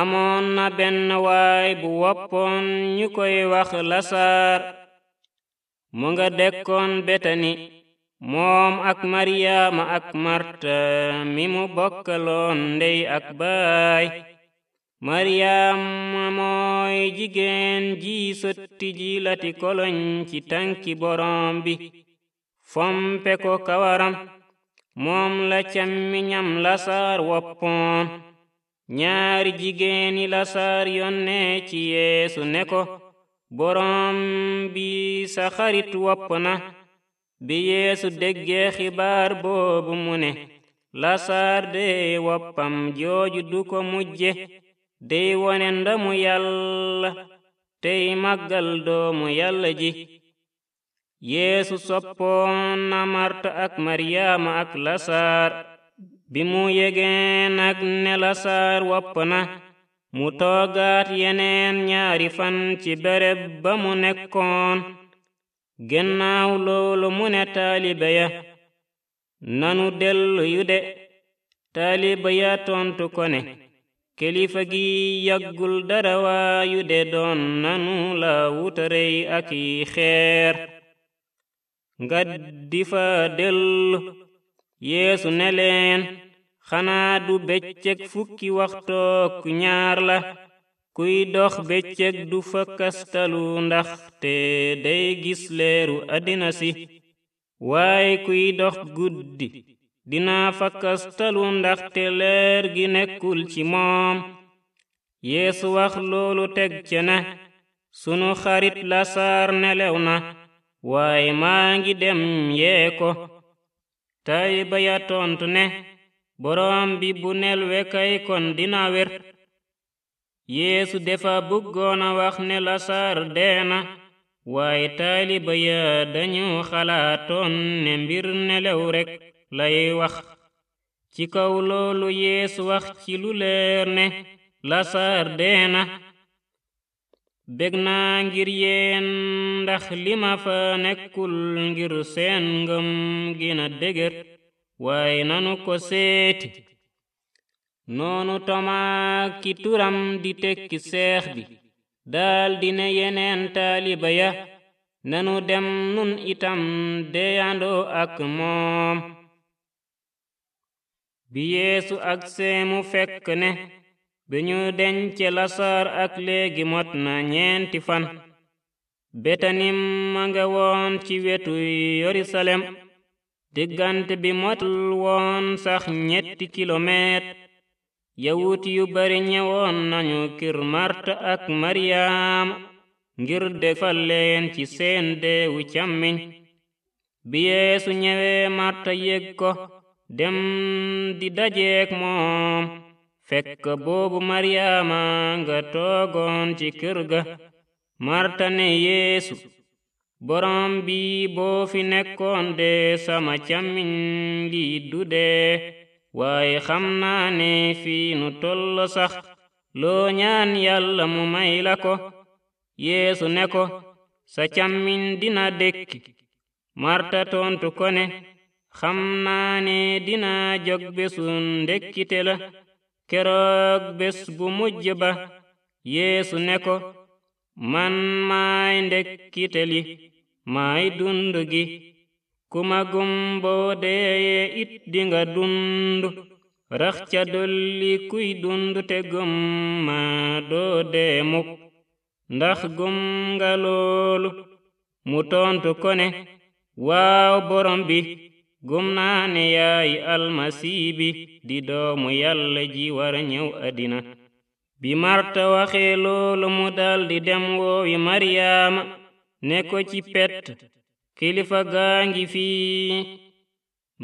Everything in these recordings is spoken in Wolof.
amoon na benn waay bu woppoon ñu koy wax lasaar mu nga dekkoon betani moom ak maryaama ak marta mi mu bokkaloon ndey ak baay maryaama mooy jigéen ji sotti ji lati koloñ ci tànki borom bi fompe ko kawaram moom la cammiñam lasaar woppoon ñaari jigéeni lasaar yónnee ci yeesu ne ko boroom bi sa xarit wopp na bi yeesu déggee xibaar boobu mu ne lasaar de woppam jooju du ko mujje dey wone mu yàlla tey màggal doomu yàlla ji yeesu soppoon na marta ak maryaama ak lasaar bi mu yegee nag ne lasaar wopp na mu toogaat yeneen ñaari fan ci bereb ba mu nekkoon gennaaw loolu mu ne taalibe ya nanu dellu yu de taalibe ya tontu ko ne kilifa gi yàggul dara wa yu de doon nanu la wutarey ak yi xeer nga di dellu yéesu ne xanaa du bëccëg fukki waxtook ñaar la kuy dox bëccëg du fa kastalu ndax te day gis leeru àddina si kuy dox guddi dina fa kastalu ndax te leer gi nekkul ci moom yéesu wax loolu teg ca ne sunu xarit lasaar nelew na waaye maa ngi dem yee taaliba ya tontu ne boroom bi bu nel kay kon dina wér yeesu dafa bëggoon wax ne lasaar dee na waaye taaliba ya dañu xalaatoon ne mbir nelew rekk lay wax ci kaw loolu yeesu wax ci lu leer ne lasaar dee na bég naa ngir yéen ndax li fa nekkul ngir seen ngëm gina dëgër waaye nanu ko seeti noonu tomaa ki turam di tekki seex bi daldi ne yeneen taaliba ya nanu dem nun itam deyandoo ak moom bi yeesu ak seemu fekk ne bi ñu dence lasaar ak léegi mot na ñeenti fan betanim ma nga woon ci wetu yerusalem diggante bi motul woon sax ñetti kilomètre yawut yu bari ñëwoon nañu kir marta ak maryaam ngir defal leen ci seen deewu càmmiñ bi yeesu ñëwee marta yëg ko dem di dajeek moom fekk boobu maryaama nga toogoon ci kër ga marta ne yeesu borom bi boo fi nekkoon de sama càmmiñ lii du dee waaye xam naa ne fii nu toll sax loo ñaan yàlla mu may la ko yeesu ne ko sa càmmiñ dina dekki marta tontu ko ne xam naa ne dina jog bésu ndekkite la keroog bés bu mujj ba yeesu ne ko man maay ndekkiteli maay dund gi ku ma gëm boo deeye it dinga dund rax ca dolli kuy dund te gëm doo dee mukk ndax gëm nga loolu mu tontu ko ne waaw borom bi gum naa ne bi di doomu yàlla ji wara ñëw àddina bi marta waxee loolu mu daldi dem woowi maryaama ne ko ci pett kilifa gaa ngi fii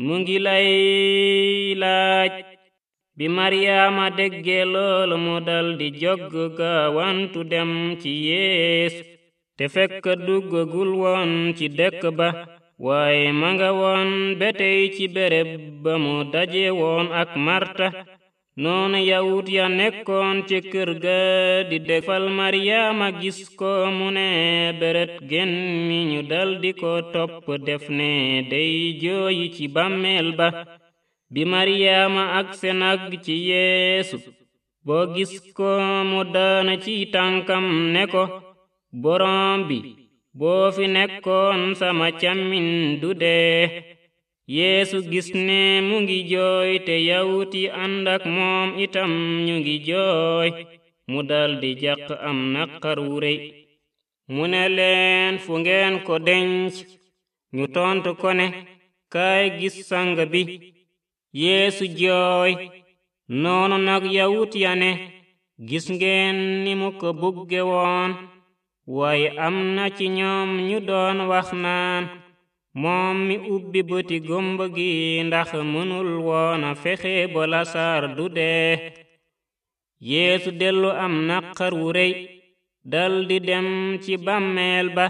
mu ngi lay laaj bi maryaama déggee loolu mu daldi jogg gaawantu dem ci yeesu te fekk duggagul woon ci dëkk ba waaye ma nga woon betey ci béréb ba mu daje woon ak marta noonu yawut ya nekkoon ci kër ga di defal maryaama gis ko mu ne beret gen mi ñu daldi ko topp def ne day jooyi ci bàmmeel ba bi maryaama ak senag ci yeesu boo gis ko mu daana ci tànkam ne ko borom bi boo fi nekkoon sama càmmiñ du dee yeesu gis ne mu ngi jooy te yawuti ànd ak moom itam ñu ngi jooy mu daldi jaq am naqar wu rëy mu ne leen fu ngeen ko denc ñu tontu ko ne kaay gis sang bi yeesu jooy noonu nag yawut ne gis ngeen ni mu ko bugge woon waaye am na ci ñoom ñu doon wax naan moom mi ubbi bëti gomba gi ndax mënul woona fexe ba lasaar du dee yéesu dellu am naqar wu rëy daldi dem ci bàmmeel ba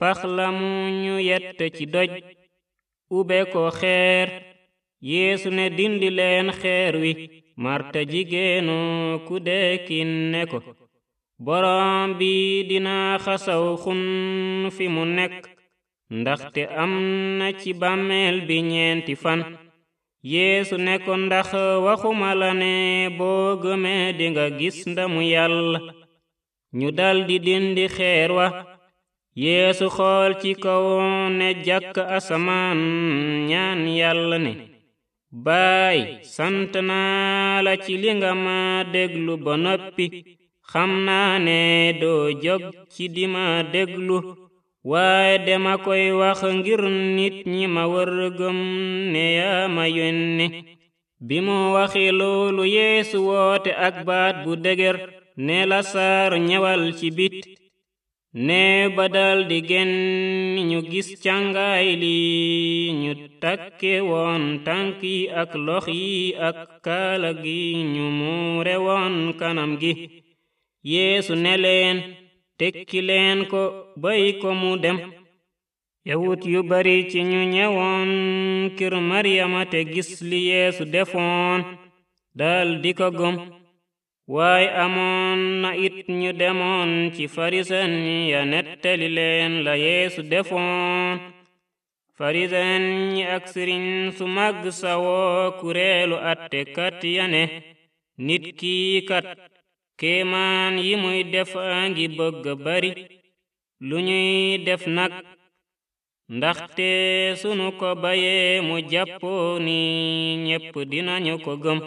pax la mu ñu yett ci doj ube ko xeer yeesu ne dindi leen xeer wi marta jigéenu ku dee ne ko boroom bi dina xasaw xun fi mu nekk ndaxte am na ci bàmmeel bi ñeenti fan yeesu ne ko ndax waxuma la ne boo gëmee dinga gis ndamu yàlla ñu daldi dindi xeer wa yeesu xool ci kaw ne jàkk asamaan ñaan yàlla ne baay sant ci li nga ma déglu ba noppi xam naa ne doo jóg ci di ma déglu waaye dama koy wax ngir nit ñi ma wër gëm ne yaa ma yónni bi mu waxi loolu yeesu woote ak baat bu dëgër ne lasaar ñëwal ci bit ne ba daldi génn ñu gis càngaay li ñu takke woon tànk yi ak lox yi ak kaala gi ñu muure woon kanam gi yeesu ne leen tekki leen ko bàyyi ko mu dem yawut yu bari ci ñu ñëwoon kër maryama te gis li yéesu defoon dal di ko gëm waaye amoon na it ñu demoon ci farisen ñi ya nettali leen la yéesu defoon farisen ñi ak sëriñ su màgg sawoo kureelu attekat ya ne nit kii kat kéemaan yi muy def a ngi bëgg bari lu ñuy def nag ndaxte sunu ko bayee mu jàppoo ni ñépp dinañu ko gëm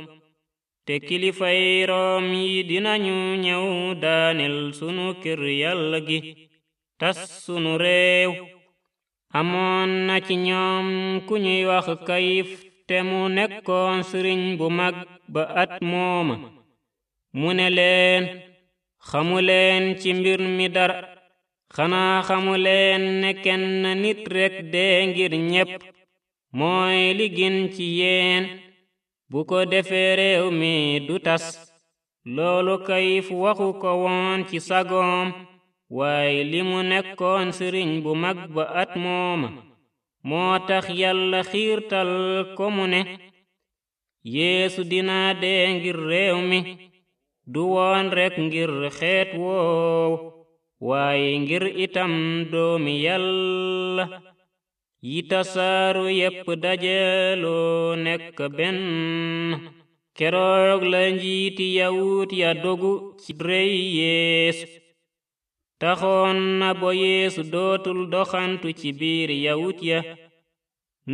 te kilifay room yi dinañu ñëw daaneel sunu kër yàlla gi tas sunu réew amoon na ci ñoom ku ñuy wax kayif te mu nekkoon sëriñ bu mag ba at mooma mu ne leen xamuleen ci mbir mi dara xanaa xamuleen ne kenn nit rekk dee ngir ñépp mooy li gën ci yéen bu ko defee réew mi du tas loolu kayif waxu ko woon ci sagoom waaye li mu nekkoon sëriñ bu mag ba at mooma moo tax yàlla xiirtal ko mu ne yeesu dinaa dee ngir réew mi du woon rekk ngir xeet woow waaye ngir itam doomi yàlla yi tasaaru yépp dajeloo nekk benn keroog la njiiti yawut ya dogu ci rëy yeesu taxoon na bo yeesu dootul doxantu ci biir yawut ya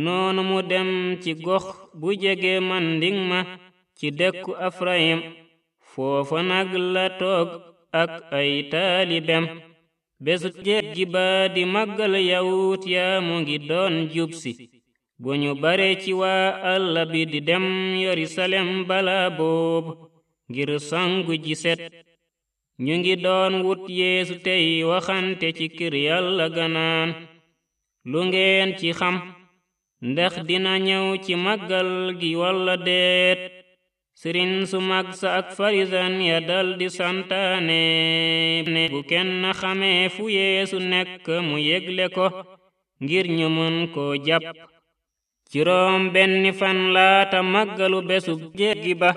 noonu mu dem ci gox bu jege manding ma ci dekku afrayim foofa nag la toog ak ay taalibem bésu jéggi baa di màggal yawut yaa moo ngi doon jub bu ñu bare ci waa àll bi di dem yerusalem bala boobu ngir sangu ji set ñu ngi doon wut yeesu tey waxante ci kër yàlla ganaan lu ngeen ci xam ndax dina ñëw ci màggal gi walla deet sëriñ su mag sa ak farisan ya dal di santaane bu xamee fu yeesu nekk mu yégle ko ngir ñu mën koo jàpp juróom benni fan laata màggalu besub jéggi ba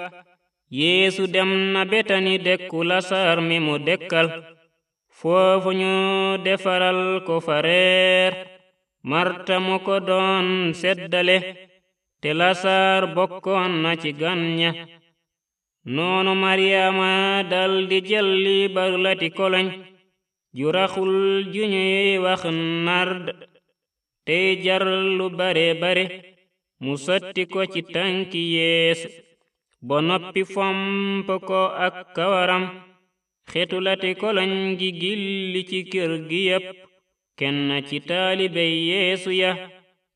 yeesu dem na betani dekku lasar mi mu dekkal foofu ñu defaral ko fa marta mu ko doon seddale te lasaar bokkoon na ci gan ña noonu maryaama daldi jël liibar lati koloñ ju raxul ju wax nard tey jar lu bare bare mu sotti ko ci tanki yeesu ba noppi fomp ko ak kawaram xetu lati koloñ gi gilli ci kër gi ci taalibe yeesu ya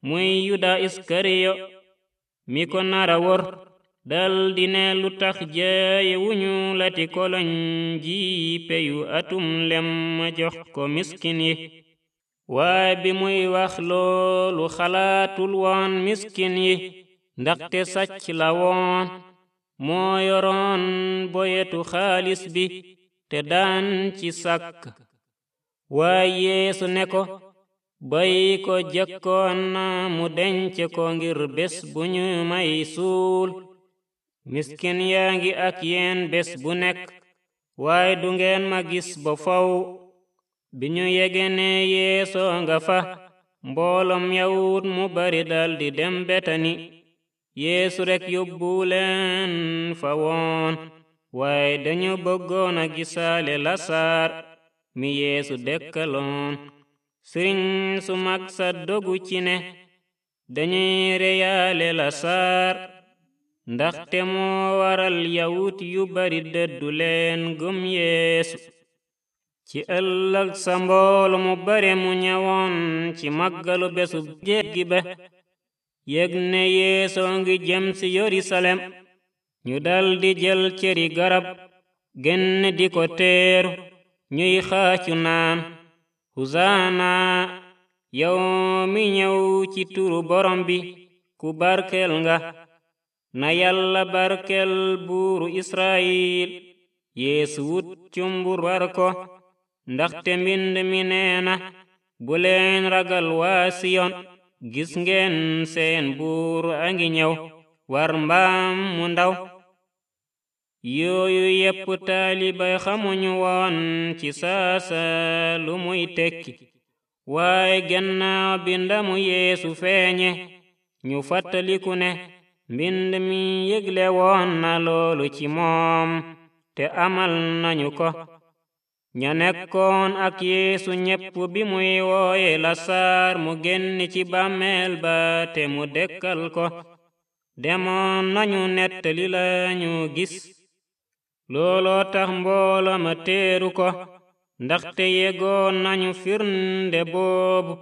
muy yuda iskariyo mi ko nara wor dal ne lu tax jaaye wuñu lati koloñ ji peyu atum lem ma jox ko miskin yi waaye bi muy wax loolu xalaatul woon miskin yi ndaxte sàcc la woon moo yoroon boyetu xaalis bi te daan ci sàkk waaye yeesu ne ko bàyyi ko jëkkoon mu denc ko ngir bés bu ñu may suul miskin yaa ngi ak yéen bés bu nekk waaye du ngeen ma gis ba faw bi ñu yegenee yeesoo nga fa mboolom yawut mu bari daldi dem betani yeesu rek yóbbu leen fa woon waaye dañu bëggoon a gisaale lasaar mi yeesu dekkaloon sëriñ su mag sa dogu ci ne dañuy reyaale lasaar ndaxte moo waral yawut yu bari dëddu leen gëm yeesu ci ëllëg sa mboolu mu bare mu ñawoon ci màggalu bésu jéggi ba yëg ne yeesoo ngi jëm si yerusalem ñu daldi jël ceri garab genn di ko teeru ñuy xaacu naan Hosaana yow mi ñëw ci turu borom bi ku barkel nga na yàlla barkel buuru Israyil Yeesu wut cumbur war ko ndaxte mbind mi neena na bu leen ragal waa Siyon gis ngeen seen buur a ngi ñëw war mbaam mu ndaw yooyu yépp taaliba xamuñu woon ci saasa lu muy tekki waaye gannaaw bi mu yéesu feeñe ñu fàttaliku ne mbind mi yëgle woon na loolu ci moom te amal nañu ko ña nekkoon ak yéesu ñépp bi muy wooye lasaar mu génn ci bàmmeel ba te mu dekkal ko demoon nañu nettali lañu gis looloo tax mbooloo ma teeru ko ndaxte yegoon nañu firnde boobu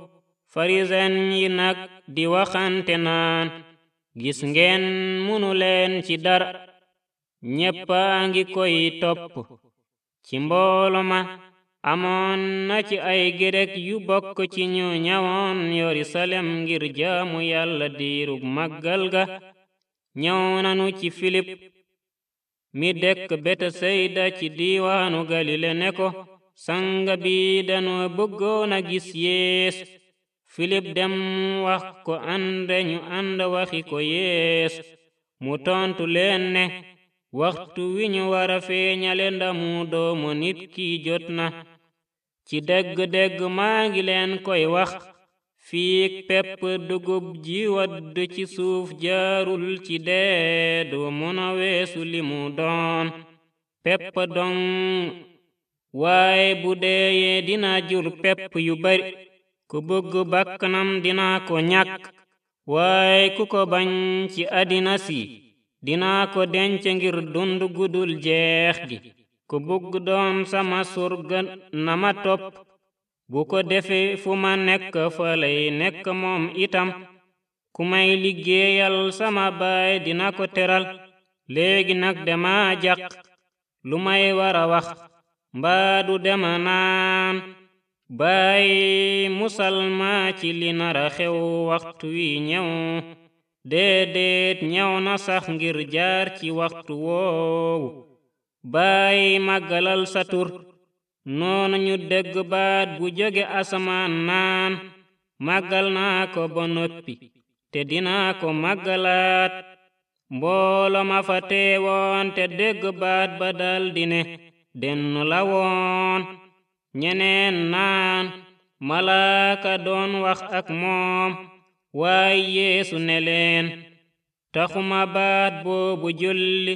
farisen yi nag di waxante naan gis ngeen munu leen ci dara ñépp a ngi koy topp ci mbooloo amoon na ci ay gerek yu bokk ci ñu ñawoon yerusalem ngir jaamu yàlla diirub màggal ga ñëw nanu ci filip mi dëkk Betesayda ci diiwaanu Galile ne ko sanga bi danoo bëggoon a gis Yeesu Filip dem wax ko ànde ñu ànd waxi ko Yeesu mu tontu leen ne waxtu wi ñu wara feeñale ndamu doomu nit ki jot na ci dëgg-dëgg maa leen koy wax fiig pepp dugub ji wadd ci suuf jaarul ci dee du mun a weesu li mu doon pepp dong waaye bu deeyee dina jur pepp yu bari ku bëgg bakkanam dina ko ñàkk waaye ku ko bañ ci àddina si dina ko denc ngir dund gudul jeex gi ku bëgg doon sama surga na ma topp bu ko defee fu ma nekk fa nekk moom itam ku may liggéeyal sama baay dina ko teral léegi nag dema jàq lu may war a wax mbaa du dema naan baay musalma ci li nara xew waxtu wi ñëw déedéet ñëw na sax ngir jaar ci waxtu woowu baay màggalal sa noonu ñu dégg baat bu jóge asamaan naan màggal naa ko ba noppi te dina ko màggalaat mboolo ma fa teewoon te dégg baat ba daldi ne dennu la woon ñeneen naan malaaka doon wax ak moom waaye yeesu ne leen taxuma baat boobu julli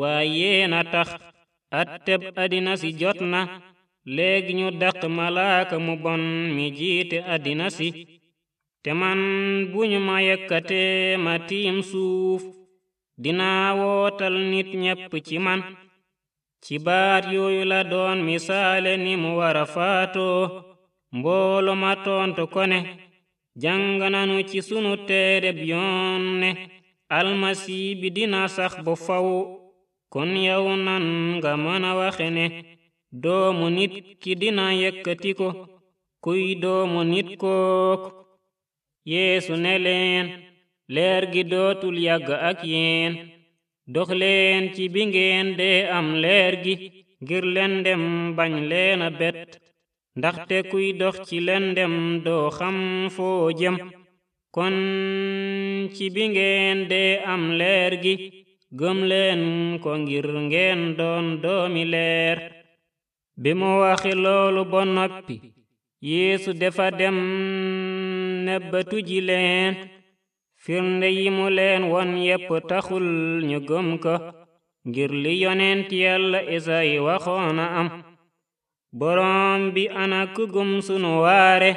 waaye yéena tax atteb adina si jot na léegi ñu dàq malaaka mu bon mi jiite àddina si te man bu ñu ma yëkkatee ma tiim suuf dinaa wootal nit ñépp ci man ci baat yooyu la doon misaale ni mu wara faatoo mboolo ma tontu ko ne jàng ci sunu téereb yoon ne almasi bi dina sax bu faw kon yow nan nga mën waxe ne doomu nit ki dina yëkkati kuy doomu nit kooku yeesu ne leen leer gi dootul yàgg ak yéen dox leen ci bi ngeen de am leer gi ngir lendem bañ leena bet ndaxte kuy dox ci lendem doo xam foo jëm ci bi ngeen dee am leer gi gëm leen ko ngir ngeen doon doomi leer bi mu waxi loolu ba noppi yéesu dafa dem nebbatu ji leen firnde yi mu leen won yépp taxul ñu gëm ko ngir li yonent yàlla esayi waxoona am boroom bi ana ku gëm sunu waare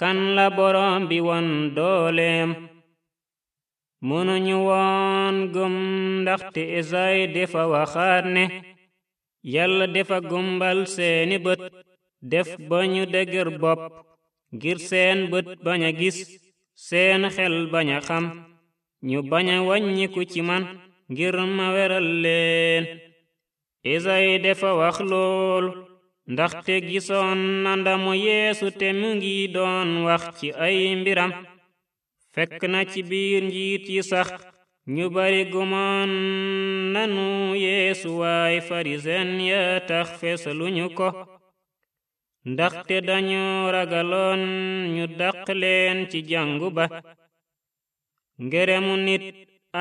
kan la boroom bi won dooleem mënuñu woon gëm ndaxte esayi dafa waxaat ne yàlla defa gumbal seeni bët def ba ñu dëgër bopp ngir seen bët bañ a gis seen xel bañ a xam ñu bañ a wàññiku ci man ngir ma weral leen isay dafa wax loolu ndaxte gisoon na yéesu yeesu te mu ngi doon wax ci ay mbiram fekk na ci biir njiit yi sax ñu bari gumoon nanu yeesu waay farisen ya tax feesaluñu ko ndaxte dañu ragaloon ñu dàq leen ci jàngu ba ngeremu nit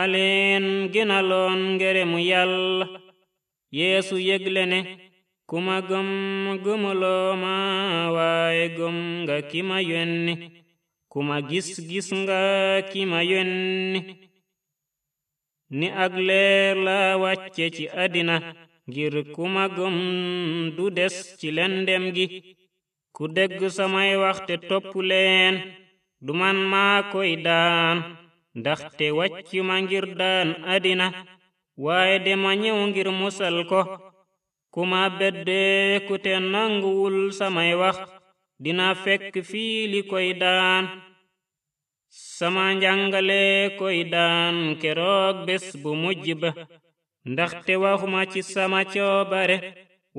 aleen ginaloon ngeremu yàlla yeesu yëgle ne ku ma gëm gëmuloo ma waaye gëm nga ki ma yónni ku gis gis nga ki ma yónni ni ak leer la wàcce ci àddina ngir ku ma gëm du des ci lendem gi ku degg samay waxte topp leen du man maa koy daan ndaxte wàcc ma ngir daan àddina waaye dema ñëw ngir musal ko ku ma beddeeku te nanguwul samay wax dina fekk fii li koy daan sama njàngale koy daan keroog bés bu mujj ba ndaxte waxuma ci sama coobare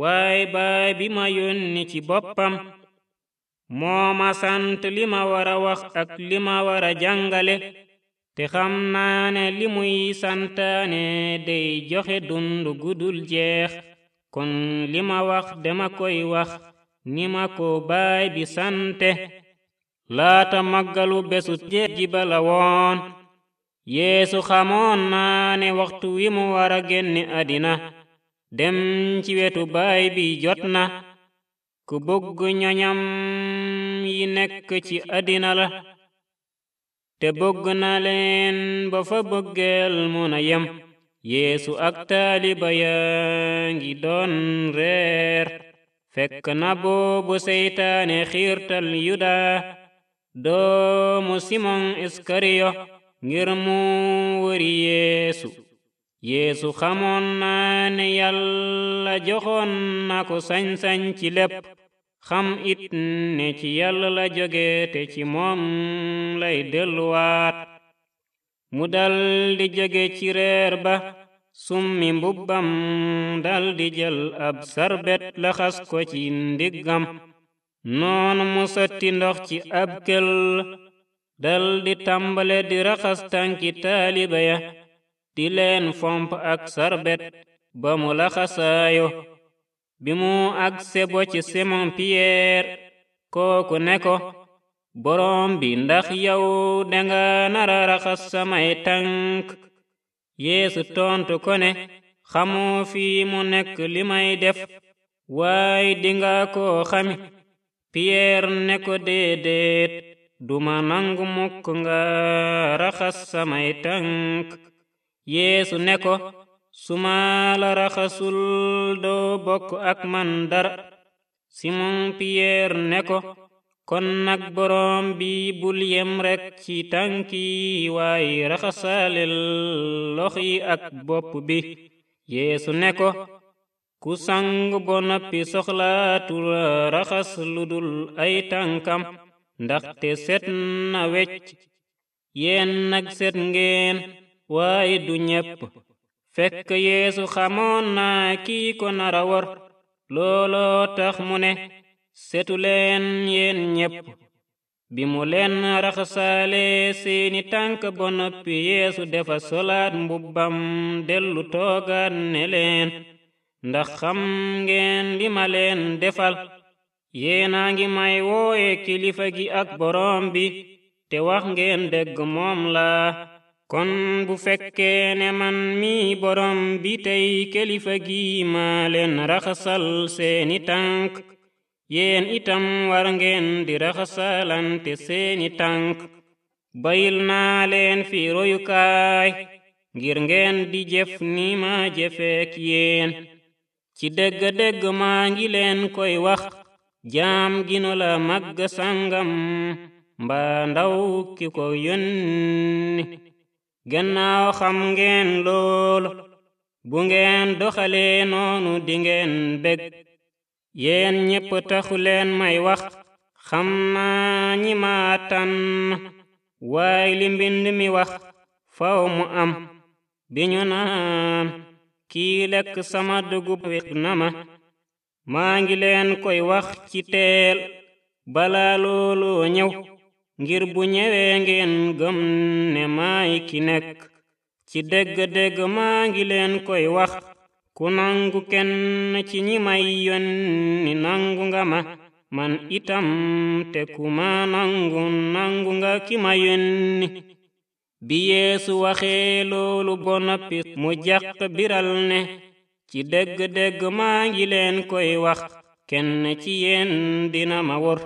waaye baay bi ma yónni ci boppam moo ma sant li ma wax ak li ma war a jàngale te xam naa ne li muy santaane day joxe dund gudul jeex kon li wax dama koy wax ni ko baay bi sante laata màggalu bésu jéggi ba la woon yeesu xamoon naa ne waxtu wi mu war a génn àddina dem ci wetu baay bi jot na ku bëgg ñoñam yi nekk ci àddina la te bëgg na leen ba fa bëggeel mun a yem yeesu ak taaliba yaa ngi doon reer fekk na boobu seytaane xiirtal yuda doomu simon iskariyo ngir mu wëri yeesu yeesu xamoon naa ne joxoon na ko sañ-sañ ci lépp xam it ne ci yàlla la jóge ci moom lay delluwaat mu dal di jóge ci reer ba summi mbubbam dal di jël ab sarbet laxas ko ci ndiggam noonu mu sotti ndox ci ab kël dal di tàmbale di raxas tànki taaliba ya di leen fomp ak sarbet ba mu laxasaayo bi mu ak sebo ci Simon Pierre kooku ne ko bi ndax yow danga nara raxas samay tànk yeesu tontu ko ne xamoo fii mu nekk li may def waaye dinga koo xami piyeer ne ko déedéet duma nangu mukk nga raxas samay tànk yeesu ne ko su ma raxasul doo bokk ak man dara simon piyeer ne ko kon nag boroom bi bul yem rekk ci tànk yi waaye raxasaalel lox yi ak bopp bi yeesu ne ko ku sangu ba noppi soxlaatul raxas lu dul ay tànkam ndaxte set na wecc yéen nag set ngeen waaye du ñepp fekk yeesu xamoon na kii ko nara wor looloo tax mu ne setu leen yéen ñepp bi mu leen raxasaale seeni tànk ba noppi yeesu dafa solaat mbubbam dellu toogaat ne leen ndax xam ngeen li leen defal yéena ngi may wooye kilifa gi ak boroom bi te wax ngeen dégg moom laa kon bu fekkee ne man mi boroom bi tey kilifa gi maa leen raxasal seeni tànk yéen itam war ngeen di raxasalante seeni tànk bayil naa fi royukaay ngir ngeen di jëf ni ma jëfeek yéen ci dëgg-dëgg maa ngi leen koy wax jaam ginu la màgg mbaa ndaw ki ko yónni gannaaw xam ngeen loolu bu ngeen doxalee noonu di ngeen bég yéen ñépp taxu leen may wax xam naa ñi maa tànn waaye li wax faw mu am bi ñu naan kii lekk sama dugub wéq na ma maa ngi leen koy wax ci teel balaa looloo ñëw ngir bu ñëwee ngeen gëm ne maay ki nekk ci dëgg-dëgg maa ngi leen koy wax ku nangu kenn ci ñi may yónni nangu nga ma man itam te ku ma nangu nangu nga ki ma yónni bi yeesu waxee loolu ba noppi mu jàq biral ne ci dëgg-dëgg maa ngi leen koy wax kenn ci yéen dina ma wor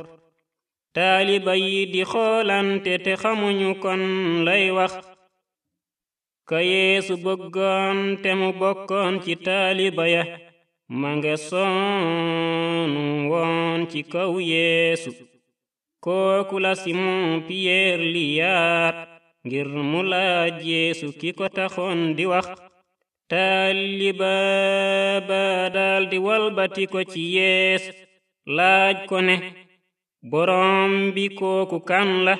taaliba yi di xoolante te xamuñu kon lay wax ka yeesu bëggoon te mu bokkoon ci taaliba ya ma nga soonu woon ci kaw yeesu kooku la simon piyeer liyaat ngir mu laaj yeesu ki ko taxoon di wax taaliba ba daldi walbati ko ci yeesu laaj ko ne boroom bi kooku kan la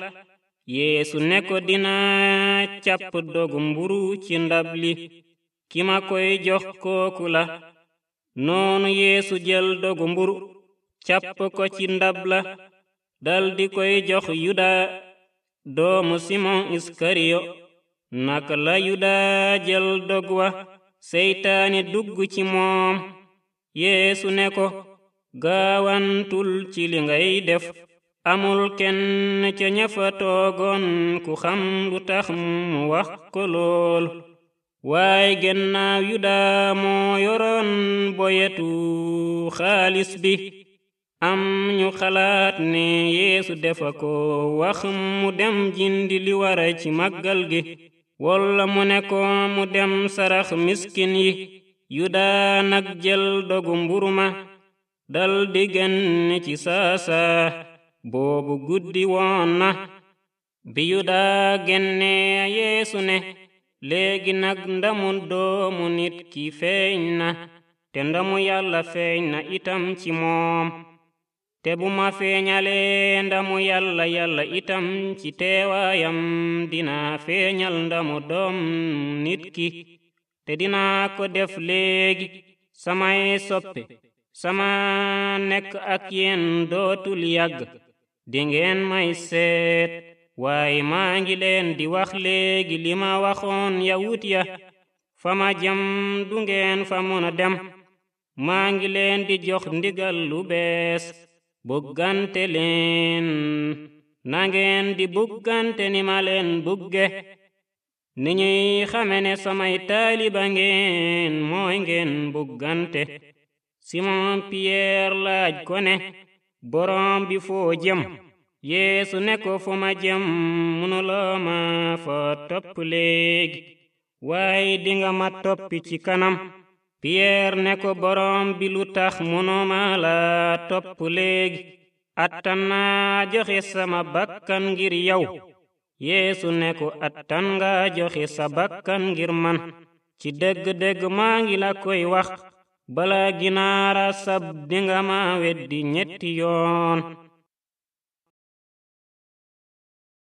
yéesu ne ko dinaa càpp dogu mburu ci ndab li ki ma koy jox kooku la noonu yeesu jël dogu mburu càpp ko ci ndab la daldi koy jox yuda doomu simon iskariyo naka la yuda jël dog wa seytaane ci moom yeesu ne ko gaawantul ci li ngay def amul kenn ca ña toogon ku xam lu tax mu wax ko lool waaye gennaaw yuda moo yoroon boyetu xaalis bi am ñu xalaat ne yeesu defa ko wax mu dem jindi li wara ci màggal gi walla mu ne ko mu dem sarax miskin yi yu yuda nag jël dogu mburu ma daldi di génn ci saasa boobu guddi woon na bi yuda génnee yeesu ne léegi nag ndamu doomu nit ki feeñ na te ndamu yàlla feeñ na itam ci moom te bu ma feeñalee ndamu yàlla yàlla itam ci teewaayam dinaa feeñal ndamu doom nit ki te dinaa ko def léegi samay soppe sama nekk ak yéen dootul yàgg di may seet waaye maa ngi leen di wax léegi li ma waxoon yawut ya fa du ngeen fa mën maa ngi leen di jox ndigal lu bees buggante leen nangeen di buggante ni ma leen bugge ni ñuy xame ne samay taaliba ngeen mooy ngeen buggante simon piyeer laaj ko ne boroom bi foo jëm yeesu ne ko fu ma jëm mënuloo ma fa topp léegi waaye dinga ma toppi ci kanam piyeer ne ko boroom bi lu tax mënuma la topp léegi attan naa joxe sama bakkan ngir yow yeesu ne ko attan nga joxe sa bakkan ngir man ci dëgg-dëgg maa ngi la koy wax bala ginaara sab dinga ma weddi ñetti yoon